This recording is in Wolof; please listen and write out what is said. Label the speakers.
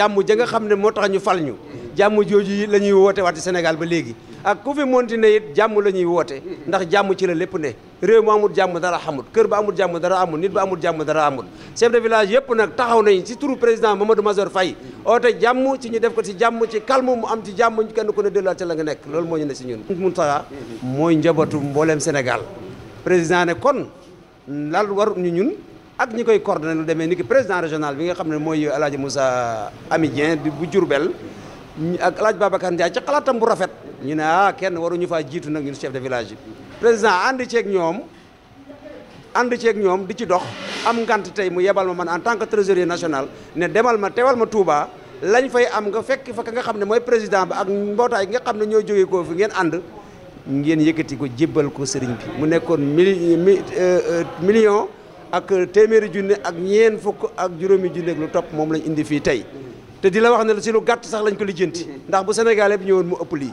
Speaker 1: jàmm ja nga xam ne moo tax ñu fal ñu jàmm jooju la ñuy woote waati Sénégal ba léegi ak ku fi monti ne it jàmm la ñuy woote ndax jàmm ci la lépp ne réew mu amul jàmm dara xamul kër ba amul jàmm dara amul nit amul jàmm dara amul chef de village yëpp nag taxaw nañ ci turu président Mamadou Mazor Faye oote jàmm ci ñu def ko ci jàmm ci calme mu am ci jàmm kenn ku ne delluwaat ci la nga nekk loolu moo ñu ne si ñun Mountakha mooy njabootu mbooleem Sénégal président ne kon lal war ñu ñun ak ñi koy coordonné demee ni ki président régional bi nga xam ne mooy El Hadj Moussa Amidien bu Diourbel ak El Hadj Babacar Ndiaye ci xalaatam bu rafet ñu ne ah kenn waruñu faa jiitu nag ñun chef de village yi. président ànd ceeg ñoom ànd ceeg ñoom di ci dox am ngant tey mu yebal ma man en tant que trésorier national ne demal ma teewal ma Touba lañ fay am nga fekk fa ka nga xam ne mooy président ba ak mbootaay gi nga xam ne ñoo jógee koo fi ngeen ànd. ngeen yëkkati ko jébbal ko sëriñ bi mu nekkoon mili euh, euh, million. ak téeméeri junne ak ñeen fukk ak juróomi junne ak lu topp moom lañ indi fii tey te di la wax ne si lu gàtt sax lañ ko lijjanti ndax bu Sénégalais bi ñëwoon mu ëpp lii.